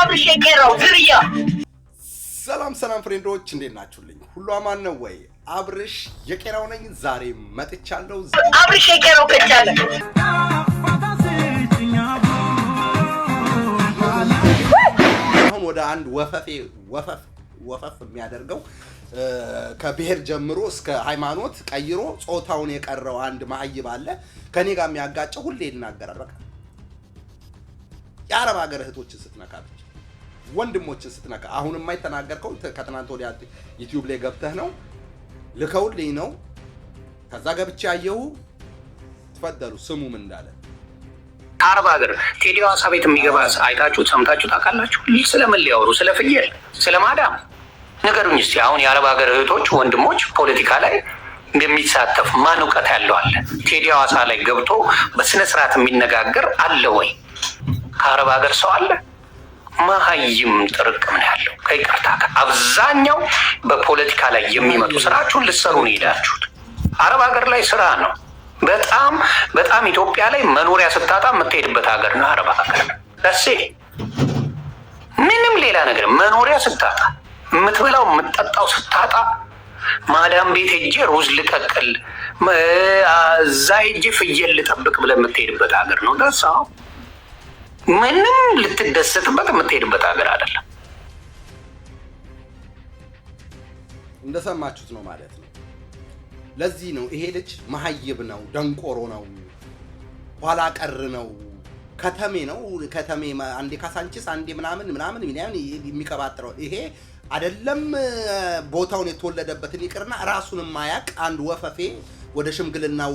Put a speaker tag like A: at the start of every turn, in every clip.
A: አብርሽ የቄራው ዝርያ።
B: ሰላም ሰላም ፍሬንዶች እንዴት ናችሁልኝ? ሁሉ አማን ነው ወይ? አብርሽ የቄራው ነኝ። ዛሬ መጥቻለሁ።
A: አብርሽ የቄራው ከቻለ
B: አሁን ወደ አንድ ወፈፌ ወፈፍ ወፈፍ የሚያደርገው ከብሔር ጀምሮ እስከ ሃይማኖት ቀይሮ ጾታውን የቀረው አንድ መሀይብ አለ። ከኔ ጋር የሚያጋጨው ሁሌ ይናገራል። በቃ የአረብ ሀገር እህቶችን ስትነካ ብቻ ወንድሞችን ስትነካ አሁን የማይተናገርከው ከትናንት ወዲያ ዩቲዩብ ላይ ገብተህ ነው ልከውልኝ ነው። ከዛ ገብቼ አየሁ። ትፈደሉ ስሙም እንዳለ
A: አረብ ሀገር ቴዲ ሀዋሳ ቤት የሚገባ አይታችሁ ሰምታችሁ ታውቃላችሁ። ስለምን ሊያወሩ ስለ ፍየል ስለ ማዳም ነገሩኝ እስኪ። አሁን የአረብ ሀገር እህቶች ወንድሞች ፖለቲካ ላይ የሚሳተፍ ማን እውቀት ያለው አለ? ቴዲ ሀዋሳ ላይ ገብቶ በስነ ስርዓት የሚነጋገር አለ ወይ? ከአረብ ሀገር ሰው አለ መሀይም ጥርቅም ነው ያለው። ከይቅርታ አብዛኛው በፖለቲካ ላይ የሚመጡ ስራችሁን ልትሰሩ ነው ሄዳችሁት። አረብ ሀገር ላይ ስራ ነው። በጣም በጣም ኢትዮጵያ ላይ መኖሪያ ስታጣ የምትሄድበት ሀገር ነው አረብ ሀገር። ደሴ ምንም ሌላ ነገር መኖሪያ ስታጣ የምትበላው የምትጠጣው ስታጣ ማዳም ቤት ሄጄ ሩዝ ልቀቅል፣ እዛ ሄጄ ፍየል ልጠብቅ ብለህ የምትሄድበት ሀገር ነው ደሳ ምንም ልትደሰትበት የምትሄድበት ሀገር አይደለም።
B: እንደሰማችሁት ነው ማለት ነው። ለዚህ ነው ይሄ ልጅ መሀይብ ነው፣ ደንቆሮ ነው፣ ኋላ ቀር ነው፣ ከተሜ ነው። ከተሜ አንዴ ካሳንቺስ አንዴ ምናምን ምናምን የሚቀባጥረው ይሄ አይደለም። ቦታውን የተወለደበትን ይቅርና ራሱን የማያቅ አንድ ወፈፌ ወደ ሽምግልናው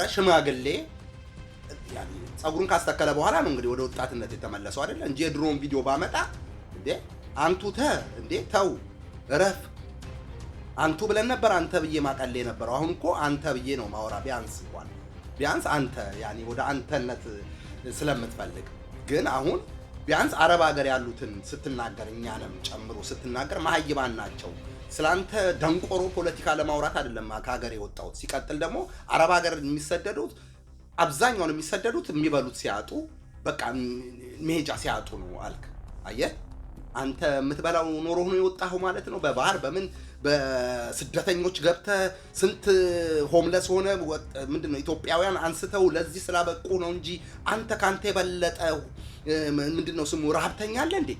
B: ረ ሽማግሌ ጸጉሩን ካስተከለ በኋላ ነው እንግዲህ ወደ ወጣትነት የተመለሰው አይደለ እንጂ የድሮውን ቪዲዮ ባመጣ እንዴ አንቱ ተ እንዴ ተው እረፍ አንቱ ብለን ነበር አንተ ብዬ ማቀሌ ነበረው። አሁን እኮ አንተ ብዬ ነው ማወራ። ቢያንስ እንኳን ቢያንስ አንተ ያኔ ወደ አንተነት ስለምትፈልግ ግን አሁን ቢያንስ አረብ ሀገር ያሉትን ስትናገር እኛንም ጨምሮ ስትናገር ማሀይባን ናቸው። ስለአንተ ደንቆሮ ፖለቲካ ለማውራት አይደለም ከሀገር የወጣሁት። ሲቀጥል ደግሞ አረብ ሀገር የሚሰደዱት አብዛኛውን የሚሰደዱት የሚበሉት ሲያጡ በቃ መሄጃ ሲያጡ ነው አልክ። አየህ አንተ የምትበላው ኖሮ ሆኖ የወጣኸው ማለት ነው። በባህር በምን በስደተኞች ገብተህ ስንት ሆምለስ ሆነ ምንድን ነው ኢትዮጵያውያን አንስተው ለዚህ ስላበቁ ነው እንጂ አንተ ከአንተ የበለጠ ምንድን ነው ስሙ ረሀብተኛ አለ እንዴ?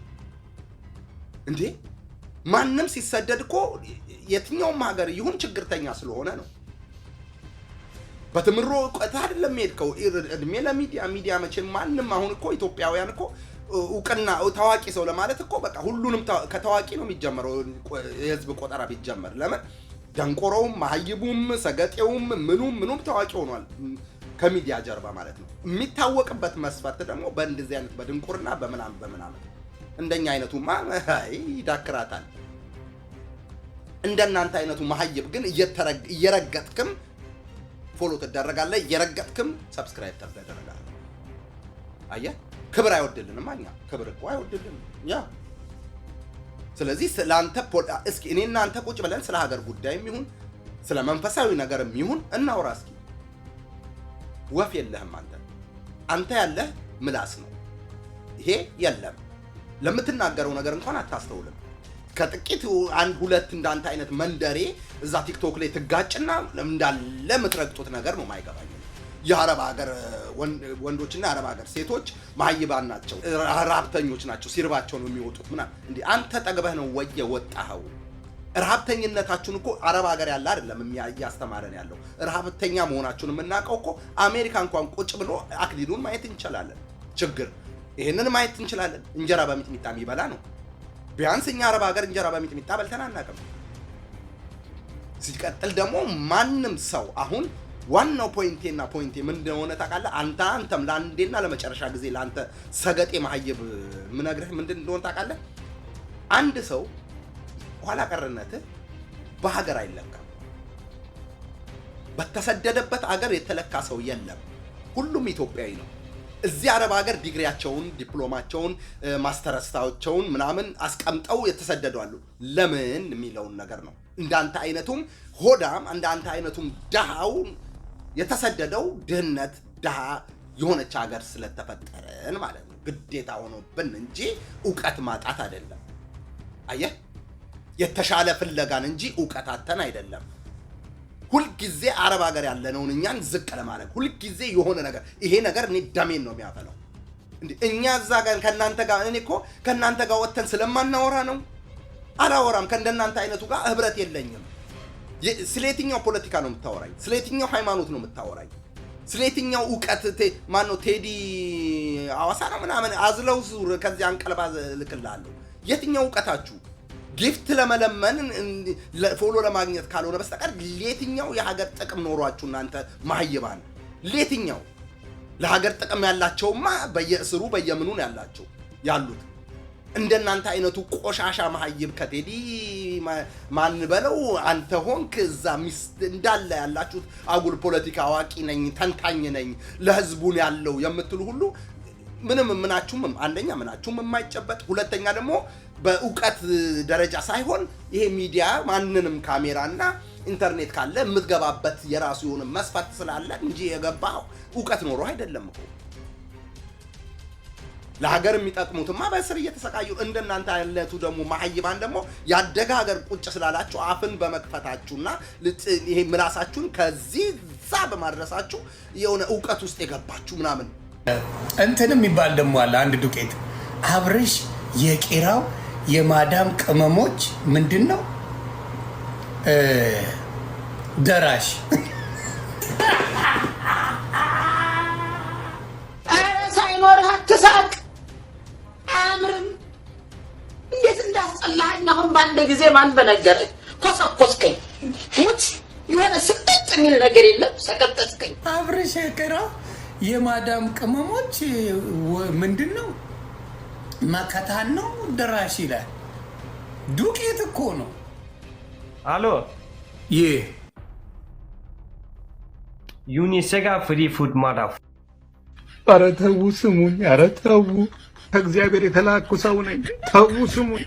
B: እንዴ ማንም ሲሰደድ እኮ የትኛውም ሀገር ይሁን ችግርተኛ ስለሆነ ነው። በትምሮ እውቀት አይደለም የሄድከው። እድሜ ለሚዲያ ሚዲያ መቼም ማንም አሁን እኮ ኢትዮጵያውያን እኮ እውቅና ታዋቂ ሰው ለማለት እኮ በቃ ሁሉንም ከታዋቂ ነው የሚጀመረው የህዝብ ቆጠራ ቢጀመር። ለምን ደንቆሮውም፣ መሀይቡም፣ ሰገጤውም ምኑም ምኑም ታዋቂ ሆኗል ከሚዲያ ጀርባ ማለት ነው። የሚታወቅበት መስፈርት ደግሞ በእንደዚህ አይነት በድንቁርና በምናምን በምናምን እንደኛ አይነቱማ ይዳክራታል። እንደናንተ አይነቱ ማህይብ ግን እየረገጥክም ፎሎ ትደረጋለህ። እየረገጥክም ሰብስክራይብ ተደረጋለ። አየ ክብር አይወድልንም እኛ ክብር እኮ አይወድልንም እኛ። ስለዚህ ስለአንተ እስኪ እኔ እናንተ ቁጭ ብለን ስለ ሀገር ጉዳይም ይሁን ስለ መንፈሳዊ ነገር ይሁን እናውራ እስኪ። ወፍ የለህም አንተ አንተ ያለህ ምላስ ነው። ይሄ የለም ለምትናገረው ነገር እንኳን አታስተውልም። ከጥቂት አንድ ሁለት እንዳንተ አይነት መንደሬ እዛ ቲክቶክ ላይ ትጋጭና እንዳለ የምትረግጡት ነገር ነው ማይገባኝ። የአረብ ሀገር ወንዶችና የአረብ ሀገር ሴቶች ማይባን ናቸው፣ ረሀብተኞች ናቸው፣ ሲርባቸው ነው የሚወጡት ምናምን። እንደ አንተ ጠግበህ ነው ወየ ወጣኸው። ረሃብተኝነታችሁን እኮ አረብ ሀገር ያለ አይደለም እያስተማረን ያለው። ረሃብተኛ መሆናችሁን የምናውቀው እኮ አሜሪካ እንኳን ቁጭ ብሎ አክሊሉን ማየት እንችላለን። ችግር ይህንን ማየት እንችላለን። እንጀራ በሚጥሚጣ የሚበላ ነው። ቢያንስ እኛ አረብ ሀገር እንጀራ በሚጥሚጣ በልተን አናውቅም። ሲቀጥል ደግሞ ማንም ሰው አሁን ዋናው ፖይንቴና ፖይንቴ ምን እንደሆነ ታውቃለህ? አንተ አንተም ለአንዴና ለመጨረሻ ጊዜ ለአንተ ሰገጤ መሀይብ ምነግርህ ምንድን እንደሆነ ታውቃለህ? አንድ ሰው ኋላ ቀርነትህ በሀገር አይለካም። በተሰደደበት አገር የተለካ ሰው የለም። ሁሉም ኢትዮጵያዊ ነው። እዚህ አረብ ሀገር ዲግሪያቸውን፣ ዲፕሎማቸውን፣ ማስተረስታቸውን ምናምን አስቀምጠው የተሰደዱ አሉ። ለምን የሚለውን ነገር ነው። እንዳንተ አይነቱም ሆዳም እንዳንተ አይነቱም ድሃው የተሰደደው ድህነት ድሃ የሆነች ሀገር ስለተፈጠረን ማለት ነው። ግዴታ ሆኖብን እንጂ እውቀት ማጣት አይደለም። አየህ፣ የተሻለ ፍለጋን እንጂ እውቀት አተን አይደለም። ሁልጊዜ አረብ ሀገር ያለነውን እኛን ዝቅ ለማድረግ ሁልጊዜ የሆነ ነገር ይሄ ነገር እኔ ደሜን ነው የሚያፈለው። እኛ እዛ ጋር ከእናንተ ጋር እኔ እኮ ከእናንተ ጋር ወጥተን ስለማናወራ ነው አላወራም። ከእንደናንተ አይነቱ ጋር ህብረት የለኝም። ስለ የትኛው ፖለቲካ ነው የምታወራኝ? ስለ የትኛው ሃይማኖት ነው የምታወራኝ? ስለ የትኛው እውቀት ማን ነው? ቴዲ አዋሳ ነው ምናምን አዝለው ዙር ከዚያ አንቀልባ ልክላለሁ። የትኛው እውቀታችሁ ጊፍት ለመለመን ፎሎ ለማግኘት ካልሆነ በስተቀር ለየትኛው የሀገር ጥቅም ኖሯችሁ እናንተ ማህይባን ለየትኛው ለሀገር ጥቅም ያላቸውማ በየእስሩ በየምኑን ያላቸው ያሉት። እንደናንተ አይነቱ ቆሻሻ መሀይብ ከቴዲ ማን በለው አንተ ሆንክ እዛ ሚስት እንዳለ ያላችሁት አጉል ፖለቲካ አዋቂ ነኝ ተንታኝ ነኝ ለህዝቡን ያለው የምትሉ ሁሉ ምንም ምናችሁም አንደኛ ምናችሁም የማይጨበጥ ሁለተኛ ደግሞ በእውቀት ደረጃ ሳይሆን ይሄ ሚዲያ ማንንም ካሜራና ኢንተርኔት ካለ የምትገባበት የራሱ የሆነ መስፈርት ስላለ እንጂ የገባው እውቀት ኖሮ አይደለም እኮ። ለሀገር የሚጠቅሙትማ በእስር እየተሰቃዩ እንደናንተ ያለቱ ደግሞ መሀይባን ደግሞ ያደገ ሀገር ቁጭ ስላላችሁ አፍን በመክፈታችሁና ይሄ ምላሳችሁን ከዚህ ዛ በማድረሳችሁ የሆነ እውቀት ውስጥ የገባችሁ ምናምን
C: እንትን የሚባል ደግሞ አለ። አንድ ዱቄት አብርሽ የቄራው የማዳም ቅመሞች ምንድን ነው ደራሽ
D: ሳይኖርህ አትሳቅ። አያምርም። እንዴት እንዳስጠላኸኝ አሁን በአንድ ጊዜ ማን በነገረህ ኮሰኮስከኝ። ሙት የሆነ ስቅጥ የሚል ነገር የለም። ሰቀጠጥከኝ
C: አብርሽ የቄራው የማዳም ቅመሞች ምንድን ነው መከታን ነው ደራሽ ይላል። ዱቄት እኮ ነው።
E: አሎ ይህ ዩኒሴጋ ፍሪ ፉድ ማዳፍ
F: ኧረ ተዉ ስሙኝ፣ ኧረ ተዉ። ከእግዚአብሔር የተላኩ ሰው ነኝ። ተዉ ስሙኝ።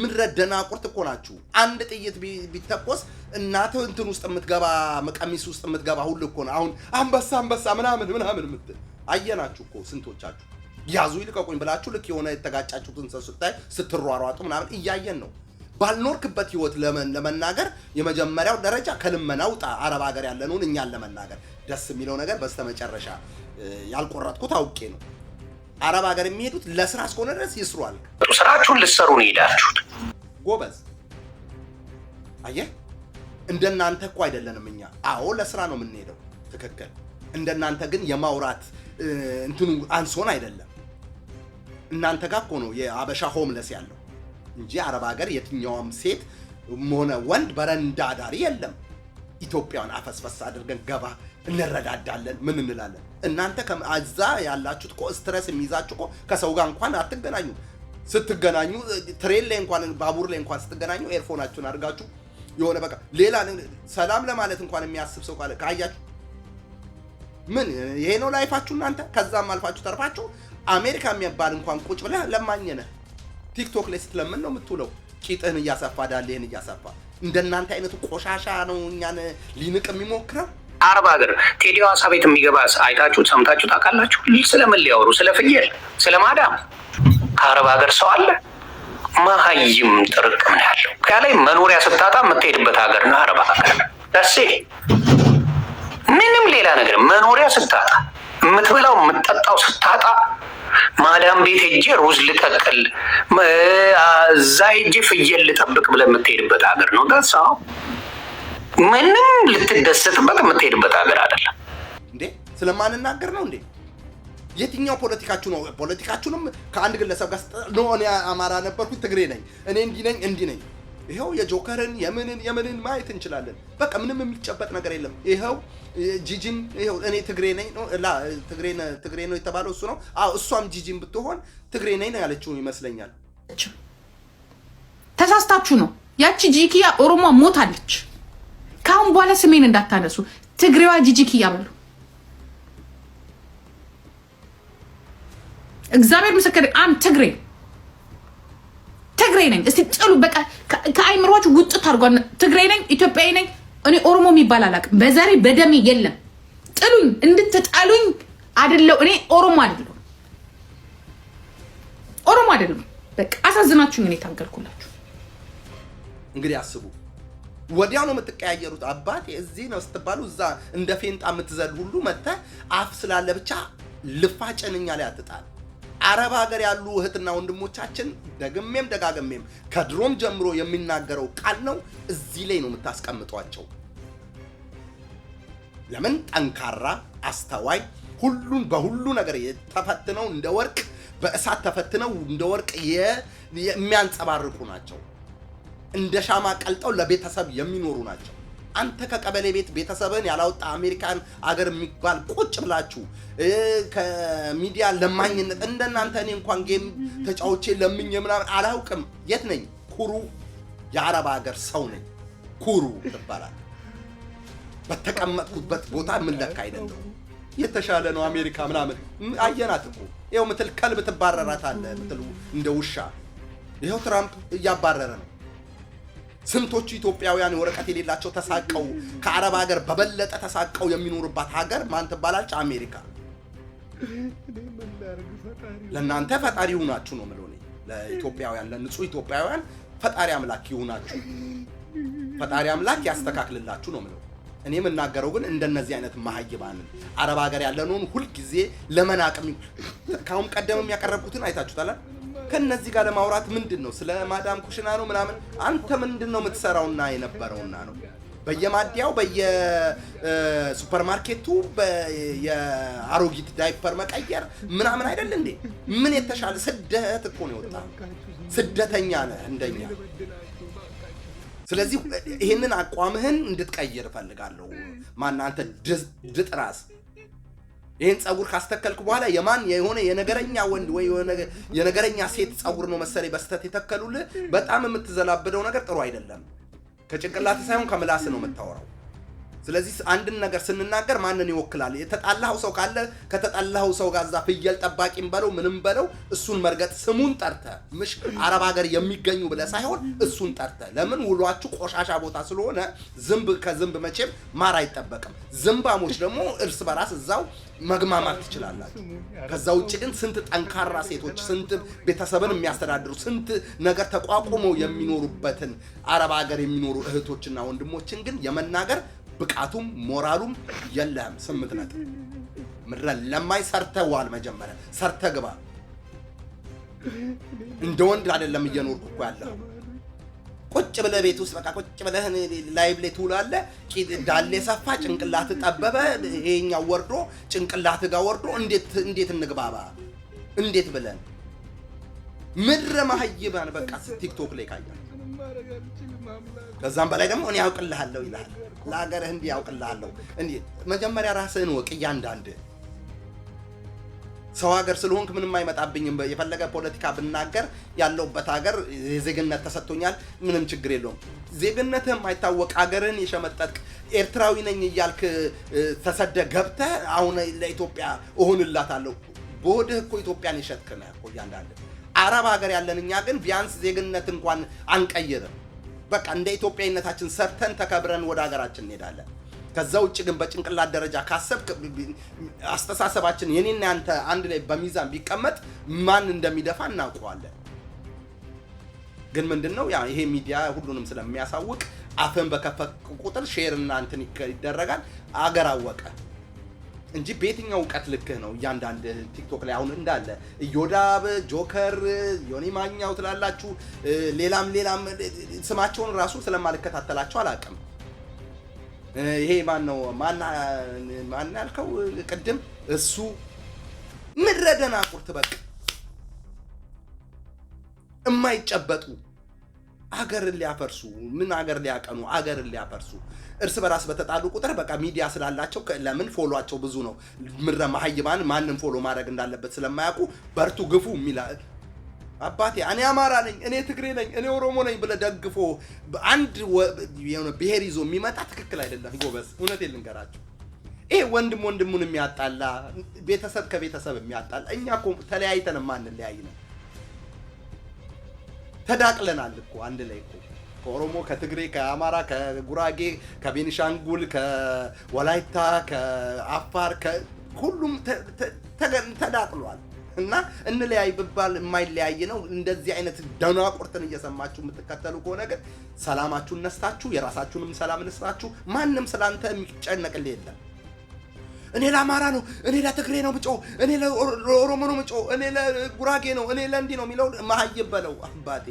B: ምድረ ደናቁርት እኮ ናችሁ። አንድ ጥይት ቢተኮስ እናተ እንትን ውስጥ የምትገባ መቀሚስ ውስጥ የምትገባ ሁሉ እኮ ነው። አሁን አንበሳ አንበሳ ምናምን ምናምን ምትል አየናችሁ እኮ ስንቶቻችሁ ያዙ ይልቀቁኝ ብላችሁ ልክ የሆነ የተጋጫችሁትን ሰው ስታይ ስትሯሯጡ ምናምን እያየን ነው። ባልኖርክበት ህይወት ለመናገር የመጀመሪያው ደረጃ ከልመና ውጣ። አረብ ሀገር ያለነውን እኛን ለመናገር ደስ የሚለው ነገር በስተመጨረሻ ያልቆረጥኩት አውቄ ነው። አረብ ሀገር የሚሄዱት ለስራ እስከሆነ ድረስ ይስሯል።
A: ስራችሁን ልሰሩ ነው ሄዳችሁት።
B: ጎበዝ አየህ፣ እንደናንተ እኮ አይደለንም እኛ። አዎ ለስራ ነው የምንሄደው፣ ትክክል። እንደናንተ ግን የማውራት እንትኑ አንሶን አይደለም። እናንተ ጋር እኮ ነው የአበሻ ሆምለስ ያለው እንጂ አረብ ሀገር የትኛውም ሴት ሆነ ወንድ በረንዳ ዳሪ የለም። ኢትዮጵያን አፈስፈስ አድርገን ገባ እንረዳዳለን። ምን እንላለን? እናንተ ከዛ ያላችሁት እኮ ስትረስ የሚይዛችሁ እኮ ከሰው ጋር እንኳን አትገናኙ። ስትገናኙ ትሬን ላይ እንኳን ባቡር ላይ እንኳን ስትገናኙ ኤርፎናችሁን አድርጋችሁ የሆነ በቃ ሌላ ሰላም ለማለት እንኳን የሚያስብ ሰው ካለ ካያችሁ ምን ይሄ ነው ላይፋችሁ እናንተ። ከዛም አልፋችሁ ተርፋችሁ አሜሪካ የሚባል እንኳን ቁጭ ብለህ ለማኝ ነህ። ቲክቶክ ላይ ስትለምን ነው የምትውለው። ቂጥህን እያሰፋ ዳሌህን እያሰፋ እንደናንተ አይነቱ ቆሻሻ ነው እኛን ሊንቅ የሚሞክረው።
A: አረብ ሀገር ቴዲ ሀዋሳ ቤት የሚገባ አይታችሁ ሰምታችሁ ታውቃላችሁ? ስለምን ሊያወሩ ስለ ፍየል ስለ ማዳም ከአረብ ሀገር ሰው አለ። መሀይም ጥርቅም ነው ያለው። ላይ መኖሪያ ስታጣ የምትሄድበት ሀገር ነው አረብ ሀገር። ደሴ ምንም ሌላ ነገር መኖሪያ ስታጣ የምትበላው የምትጠጣው ስታጣ ማዳም ቤት ሄጄ ሩዝ ልቀቅል፣ እዛ ሄጄ ፍየል ልጠብቅ ብለን የምትሄድበት ሀገር ነው ደሳው ምንም ልትደሰትበት የምትሄድበት ሀገር አይደለም።
B: እንዴ ስለማንናገር ነው እንዴ? የትኛው ፖለቲካችሁ ነው? ፖለቲካችሁንም ከአንድ ግለሰብ ጋር ኖ እኔ አማራ ነበርኩኝ፣ ትግሬ ነኝ፣ እኔ እንዲህ ነኝ፣ እንዲህ ነኝ። ይኸው የጆከርን የምንን የምንን ማየት እንችላለን። በቃ ምንም የሚጨበጥ ነገር የለም። ይኸው ጂጂን ይኸው እኔ ትግሬ ነኝ ላ ትግሬ ነው የተባለው እሱ ነው። አዎ እሷም ጂጂን ብትሆን ትግሬ ነኝ ነው ያለችው ይመስለኛል።
G: ተሳስታችሁ ነው። ያቺ ጂኪያ ኦሮሞ ሞታለች። ከአሁን በኋላ ስሜን እንዳታነሱ። ትግሬዋ ጂጂክ እያበሉ እግዚአብሔር ምስክር አም ትግሬ ትግሬ ነኝ። እስቲ ጥሉ በቃ ከአይምሯችሁ ውጥት አድርጓል። ትግሬ ነኝ፣ ኢትዮጵያዊ ነኝ። እኔ ኦሮሞ የሚባል አላውቅም። በዘሬ በደሜ የለም። ጥሉኝ፣ እንድትጠሉኝ አይደለው። እኔ ኦሮሞ አይደለሁ፣ ኦሮሞ አይደለም። በቃ አሳዝናችሁኝ። እኔ ታገልኩላችሁ።
B: እንግዲህ አስቡ ወዲያው ነው የምትቀያየሩት። አባት እዚህ ነው ስትባሉ እዛ እንደ ፌንጣ የምትዘል ሁሉ መጥተህ አፍ ስላለ ብቻ ልፋ ጭንኛ ላይ አትጣል። አረብ ሀገር ያሉ እህትና ወንድሞቻችን ደግሜም ደጋግሜም ከድሮም ጀምሮ የሚናገረው ቃል ነው። እዚህ ላይ ነው የምታስቀምጧቸው። ለምን ጠንካራ አስተዋይ፣ ሁሉን በሁሉ ነገር ተፈትነው እንደ ወርቅ በእሳት ተፈትነው እንደ ወርቅ የሚያንጸባርቁ ናቸው። እንደ ሻማ ቀልጠው ለቤተሰብ የሚኖሩ ናቸው። አንተ ከቀበሌ ቤት ቤተሰብን ያላወጣ አሜሪካን አገር የሚባል ቁጭ ብላችሁ ከሚዲያ ለማኝነት እንደናንተ እኔ እንኳን ጌም ተጫዎቼ ለምኝ ምናምን አላውቅም። የት ነኝ? ኩሩ የአረብ ሀገር ሰው ነኝ። ኩሩ ይባላል። በተቀመጥኩበት ቦታ የምለካ አይደለም። የተሻለ ነው አሜሪካ ምናምን አየናት እኮ ይኸው ምትል ከልብ አለ ምትል እንደ ውሻ ይኸው ትራምፕ እያባረረ ነው። ስንቶቹ ኢትዮጵያውያን ወረቀት የሌላቸው ተሳቀው ከአረብ ሀገር በበለጠ ተሳቀው የሚኖሩባት ሀገር ማን ትባላለች? አሜሪካ። ለእናንተ ፈጣሪ ይሁናችሁ ነው የምለው ለኢትዮጵያውያን፣ ለንጹህ ኢትዮጵያውያን ፈጣሪ አምላክ ይሁናችሁ፣ ፈጣሪ አምላክ ያስተካክልላችሁ ነው የምለው። እኔ የምናገረው ግን እንደነዚህ አይነት መሀይባንን አረብ ሀገር ያለነውን ሁልጊዜ ለመናቅም ከአሁን ቀደምም ያቀረብኩትን አይታችሁታል። ከነዚህ ጋር ለማውራት ምንድን ነው ስለ ማዳም ኩሽና ነው ምናምን። አንተ ምንድን ነው የምትሰራውና የነበረውና ነው በየማዲያው በየሱፐርማርኬቱ የአሮጊት ዳይፐር መቀየር ምናምን አይደል እንዴ? ምን የተሻለ ስደት እኮ ነው የወጣ ስደተኛ ነህ እንደኛ። ስለዚህ ይህንን አቋምህን እንድትቀይር እፈልጋለሁ። ማን አንተ ድጥራስ ይህን ጸጉር ካስተከልኩ በኋላ የማን የሆነ የነገረኛ ወንድ ወይ የነገረኛ ሴት ጸጉር ነው መሰለኝ በስተት የተከሉልህ። በጣም የምትዘላብደው ነገር ጥሩ አይደለም። ከጭንቅላት ሳይሆን ከምላስ ነው የምታወራው። ስለዚህ አንድን ነገር ስንናገር ማንን ይወክላል? የተጣላው ሰው ካለ ከተጣላው ሰው ጋር እዛ ፍየል ጠባቂም በለው ምንም በለው እሱን መርገጥ ስሙን ጠርተ ምሽ አረብ ሀገር የሚገኙ ብለ ሳይሆን እሱን ጠርተ ለምን ውሏችሁ ቆሻሻ ቦታ ስለሆነ ዝንብ ከዝንብ መቼም ማር አይጠበቅም። ዝንባሞች ደግሞ እርስ በራስ እዛው መግማማት ትችላላችሁ። ከዛ ውጭ ግን ስንት ጠንካራ ሴቶች፣ ስንት ቤተሰብን የሚያስተዳድሩ፣ ስንት ነገር ተቋቁመው የሚኖሩበትን አረብ ሀገር የሚኖሩ እህቶችና ወንድሞችን ግን የመናገር ብቃቱም ሞራሉም የለህም። ስምንት ነጥብ ምድረ ለማይ ሰርተህ መጀመሪያ ሰርተህ ግባ። እንደ ወንድ አይደለም እየኖርኩ እኮ ያለሁ። ቁጭ ብለህ ቤት ውስጥ በቃ ቁጭ ብለህ ላይብ ላይ ትውላለህ። ዳሌ ሰፋ፣ ጭንቅላት ጠበበ። ይሄኛው ወርዶ ጭንቅላት ጋር ወርዶ እንዴት እንግባባ? እንዴት ብለን ምድረ ማህይባን በቃ ቲክቶክ ላይ ካያል ከዛም በላይ ደግሞ እኔ ያውቅልሃለሁ ይልሃል። ለሀገርህ እንዲህ ያውቅልሃለሁ። መጀመሪያ ራስህን ወቅ። እያንዳንድ ሰው ሀገር ስለሆንክ ምንም አይመጣብኝም። የፈለገ ፖለቲካ ብናገር ያለውበት ሀገር ዜግነት ተሰጥቶኛል፣ ምንም ችግር የለውም። ዜግነትህ የማይታወቅ ሀገርህን የሸመጠጥቅ ኤርትራዊ ነኝ እያልክ ተሰደ ገብተህ አሁን ለኢትዮጵያ እሆንላታለሁ በሆድህ እኮ ኢትዮጵያን የሸጥክ ነህ እኮ እያንዳንድ አረብ ሀገር ያለን እኛ ግን ቢያንስ ዜግነት እንኳን አንቀይርም። በቃ እንደ ኢትዮጵያዊነታችን ሰርተን ተከብረን ወደ ሀገራችን እንሄዳለን። ከዛ ውጭ ግን በጭንቅላት ደረጃ ካሰብክ አስተሳሰባችን የኔና ያንተ አንድ ላይ በሚዛን ቢቀመጥ ማን እንደሚደፋ እናውቀዋለን። ግን ምንድን ነው ያ ይሄ ሚዲያ ሁሉንም ስለሚያሳውቅ አፍን በከፈክ ቁጥር ሼርና እንትን ይደረጋል። አገር አወቀ። እንጂ በየትኛው እውቀት ልክህ ነው እያንዳንድ ቲክቶክ ላይ አሁን እንዳለ እዮዳብ፣ ጆከር፣ ዮኒ ማኛው ትላላችሁ፣ ሌላም ሌላም ስማቸውን ራሱ ስለማልከታተላቸው አላውቅም። ይሄ ማን ነው ማን ያልከው ቅድም እሱ ምድረ ደናቁርት በቃ የማይጨበጡ አገርን ሊያፈርሱ ምን አገር ሊያቀኑ አገርን ሊያፈርሱ እርስ በራስ በተጣሉ ቁጥር በቃ ሚዲያ ስላላቸው ለምን ፎሎቸው ብዙ ነው። ምረ መሀይማን ማንም ፎሎ ማድረግ እንዳለበት ስለማያውቁ በርቱ ግፉ የሚል አባቴ እኔ አማራ ነኝ፣ እኔ ትግሬ ነኝ፣ እኔ ኦሮሞ ነኝ ብለ ደግፎ አንድ ብሄር ብሔር ይዞ የሚመጣ ትክክል አይደለም ጎበዝ። እውነቴን ልንገራቸው፣ ይሄ ወንድም ወንድሙን የሚያጣላ ቤተሰብ ከቤተሰብ የሚያጣላ እኛ ተለያይተን ማንለያይ ነው። ተዳቅለናል እኮ አንድ ላይ እኮ ከኦሮሞ፣ ከትግሬ፣ ከአማራ፣ ከጉራጌ፣ ከቤኒሻንጉል፣ ከወላይታ፣ ከአፋር ሁሉም ተዳቅሏል። እና እንለያይ ብባል የማይለያይ ነው። እንደዚህ አይነት ደናቁርትን እየሰማችሁ የምትከተሉ ከሆነ ግን ሰላማችሁን ነስታችሁ የራሳችሁንም ሰላም ነስታችሁ ማንም ስላንተ የሚጨነቅልህ የለም። እኔ ለአማራ ነው፣ እኔ ለትግሬ ነው ምጮ፣ እኔ ለኦሮሞ ነው ምጮ፣ እኔ ለጉራጌ ነው፣ እኔ ለእንዲህ ነው የሚለው መሀይም በለው አባቴ።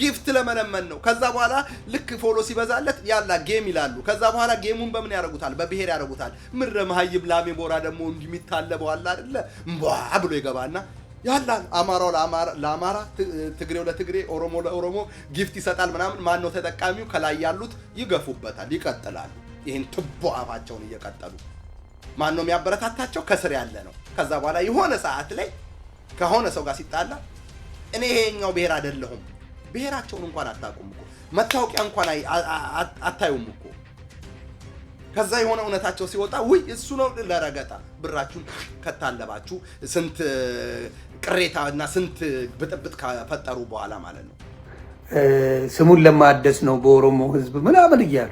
B: ጊፍት ለመለመን ነው። ከዛ በኋላ ልክ ፎሎ ሲበዛለት ያላ ጌም ይላሉ። ከዛ በኋላ ጌሙን በምን ያደርጉታል? በብሔር ያደርጉታል። ምረ መሀይም ላሜ ቦራ ደግሞ እንዲሚታለበው አለ አይደለ ብሎ ይገባና ያላ አማራው ለአማራ ትግሬው ለትግሬ ኦሮሞ ለኦሮሞ ጊፍት ይሰጣል ምናምን። ነው ተጠቃሚው? ከላይ ያሉት ይገፉበታል፣ ይቀጥላሉ። ይህን ትቦ አፋቸውን እየቀጠሉ ማን ነው የሚያበረታታቸው? ከስር ያለ ነው። ከዛ በኋላ የሆነ ሰዓት ላይ ከሆነ ሰው ጋር ሲጣላ እኔ ይሄኛው ብሔር አይደለሁም ብሔራቸውን እንኳን አታውቁም እኮ መታወቂያ እንኳን አታዩም እኮ ከዛ የሆነ እውነታቸው ሲወጣ ውይ እሱ ነው ለረገጣ ብራችሁን ከታለባችሁ ስንት ቅሬታ እና ስንት ብጥብጥ ከፈጠሩ በኋላ ማለት ነው
C: ስሙን ለማደስ ነው በኦሮሞ ህዝብ ምናምን እያሉ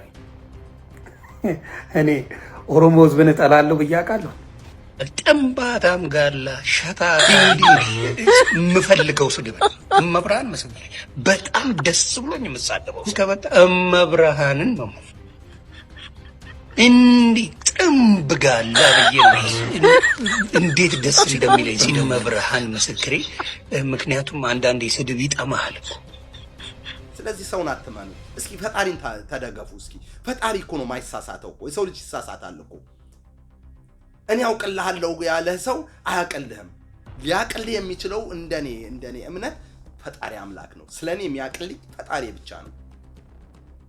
C: እኔ ኦሮሞ ህዝብን እጠላለሁ ብዬ አውቃለሁ።
H: ጥንባታም ጋላ ሸታ የምፈልገው ስድብ እመብርሃን መስል በጣም ደስ ብሎኝ የምሳደበው እስከበጣ እመብርሃንን ነው እንዲህ ጥንብ ጋላ ብዬ እንዴት ደስ እንደሚለኝ ሲል እመብርሃን ምስክሬ። ምክንያቱም አንዳንዴ ስድብ ይጠማሃል።
B: ስለዚህ ሰውን አትመኑ። እስኪ ፈጣሪን ተደገፉ። እስኪ ፈጣሪ እኮ ነው ማይሳሳተው እኮ የሰው ልጅ ይሳሳታል እኮ። እኔ ያውቅልሃለሁ ያለህ ሰው አያቅልህም። ሊያቅልህ የሚችለው እንደኔ እንደኔ እምነት ፈጣሪ አምላክ ነው። ስለ እኔ የሚያቅልኝ ፈጣሪ ብቻ ነው።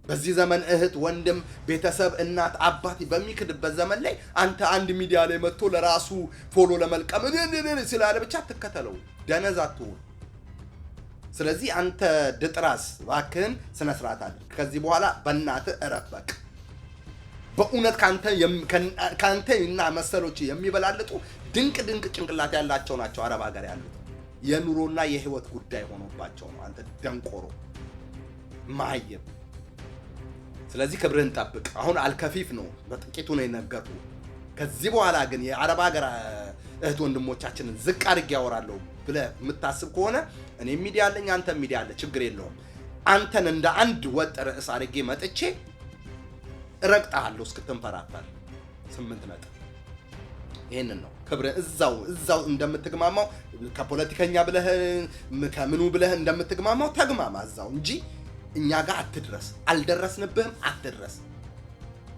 B: በዚህ ዘመን እህት፣ ወንድም፣ ቤተሰብ፣ እናት፣ አባት በሚክድበት ዘመን ላይ አንተ አንድ ሚዲያ ላይ መጥቶ ለራሱ ፎሎ ለመልቀም ስላለ ብቻ ትከተለው ደነዝ አትሁን። ስለዚህ አንተ ድጥራስ እባክህን ስነ ስርዓት አድርግ። ከዚህ በኋላ በእናትህ እረበቅ በእውነት ከአንተ እና መሰሎች የሚበላልጡ ድንቅ ድንቅ ጭንቅላት ያላቸው ናቸው አረብ ሀገር ያሉት። የኑሮና የህይወት ጉዳይ ሆኖባቸው ነው። አንተ ደንቆሮ ማየብ። ስለዚህ ክብርህን ጠብቅ። አሁን አልከፊፍ ነው፣ በጥቂቱ ነው የነገርኩህ። ከዚህ በኋላ ግን የአረብ ሀገር እህት ወንድሞቻችንን ዝቅ አድርጌ ያወራለሁ ብለ የምታስብ ከሆነ እኔ ሚዲያ አለኝ፣ አንተ ሚዲያ አለ፣ ችግር የለውም። አንተን እንደ አንድ ወጥ ርዕስ አድርጌ መጥቼ እረግጠሃለሁ እስክትንፈራፈር። ስምንት ነጥብ። ይህንን ነው ክብር። እዛው እዛው እንደምትግማማው ከፖለቲከኛ ብለህ ከምኑ ብለህ እንደምትግማማው ተግማማ እዛው እንጂ እኛ ጋር አትድረስ። አልደረስንብህም፣ አትድረስ።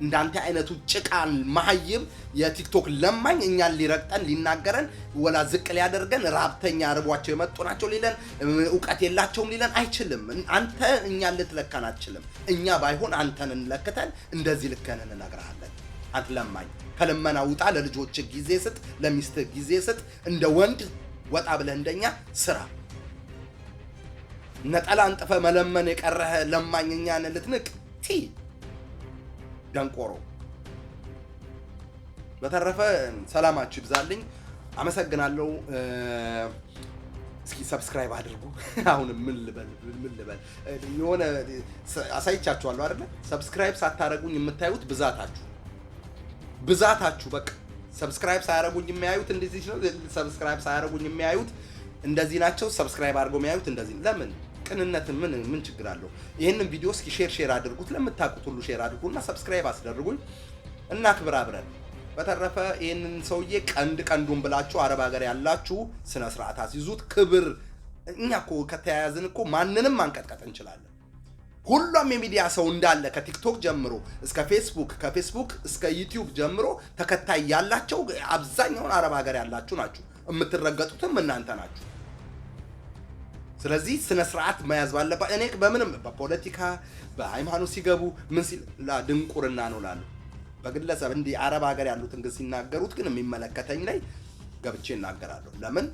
B: እንዳንተ አይነቱ ጭቃን መሀይም የቲክቶክ ለማኝ እኛን ሊረግጠን ሊናገረን ወላ ዝቅ ሊያደርገን ራብተኛ ርቧቸው የመጡ ናቸው ሊለን እውቀት የላቸውም ሊለን አይችልም። አንተ እኛን ልትለካን አትችልም። እኛ ባይሆን አንተን እንለክተን እንደዚህ ልከን እንነግርሃለን። አንተ ለማኝ ከልመና ውጣ፣ ለልጆች ጊዜ ስጥ፣ ለሚስት ጊዜ ስጥ። እንደ ወንድ ወጣ ብለህ እንደኛ ስራ። ነጠላ አንጥፈ መለመን የቀረህ ለማኝ እኛን ልትንቅ ቲ ደንቆሮ። በተረፈ ሰላማችሁ ይብዛልኝ። አመሰግናለሁ። እስኪ ሰብስክራይብ አድርጉ። አሁን ምን ልበል ምን ልበል የሆነ አሳይቻችኋለሁ አይደለ? ሰብስክራይብ ሳታረጉኝ የምታዩት ብዛታችሁ ብዛታችሁ በቃ ሰብስክራይብ ሳያረጉኝ የሚያዩት እንደዚህ ነው። ሰብስክራይብ ሳያረጉኝ የሚያዩት እንደዚህ ናቸው። ሰብስክራይብ አድርገው የሚያዩት እንደዚህ ለምን ቅንነት ምን ምን ችግር አለው? ይህንን ቪዲዮ እስኪ ሼር ሼር አድርጉት፣ ለምታውቁት ሁሉ ሼር አድርጉና ሰብስክራይብ አስደርጉኝ እና ክብር አብረን። በተረፈ ይህንን ሰውዬ ቀንድ ቀንዱን ብላችሁ አረብ ሀገር ያላችሁ ስነ ስርዓት አስይዙት። ክብር እኛ እኮ ከተያያዝን እኮ ማንንም ማንቀጥቀጥ እንችላለን። ሁሉም የሚዲያ ሰው እንዳለ ከቲክቶክ ጀምሮ እስከ ፌስቡክ ከፌስቡክ እስከ ዩቲዩብ ጀምሮ ተከታይ ያላቸው አብዛኛውን አረብ ሀገር ያላችሁ ናችሁ። የምትረገጡትም እናንተ ናችሁ። ስለዚህ ስነ ስርዓት መያዝ ባለባ እኔ በምንም በፖለቲካ በሃይማኖት ሲገቡ ምን ሲል ድንቁርና ነው ላሉ በግለሰብ እንዲህ አረብ ሀገር ያሉትን ግን ሲናገሩት ግን የሚመለከተኝ ላይ ገብቼ እናገራለሁ። ለምን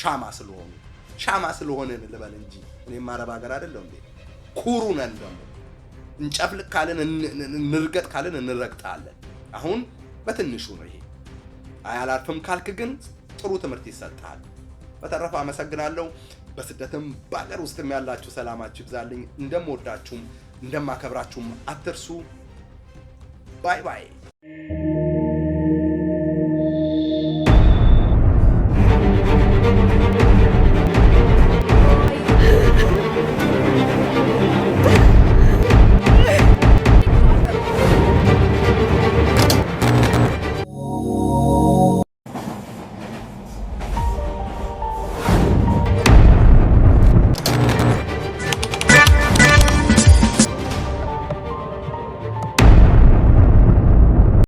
B: ሻማ ስለሆኑ ሻማ ስለሆንን ልበል እንጂ እኔም አረብ ሀገር አይደለሁ እንዴ? ኩሩ ነን ደግሞ እንጨፍልቅ ካልን እንርገጥ ካልን እንረግጣለን። አሁን በትንሹ ነው ይሄ። አያላርፍም ካልክ ግን ጥሩ ትምህርት ይሰጥሃል። በተረፈ አመሰግናለሁ። በስደትም በአገር ውስጥም ያላችሁ ሰላማችሁ ይብዛልኝ። እንደምወዳችሁም እንደማከብራችሁም አትርሱ። ባይ ባይ